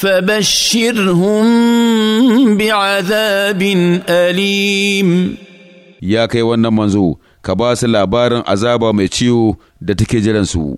فبشرهم بعذاب Alim. Ya kai wannan manzo ka ba su labarin azaba mai ciwo da take jiransu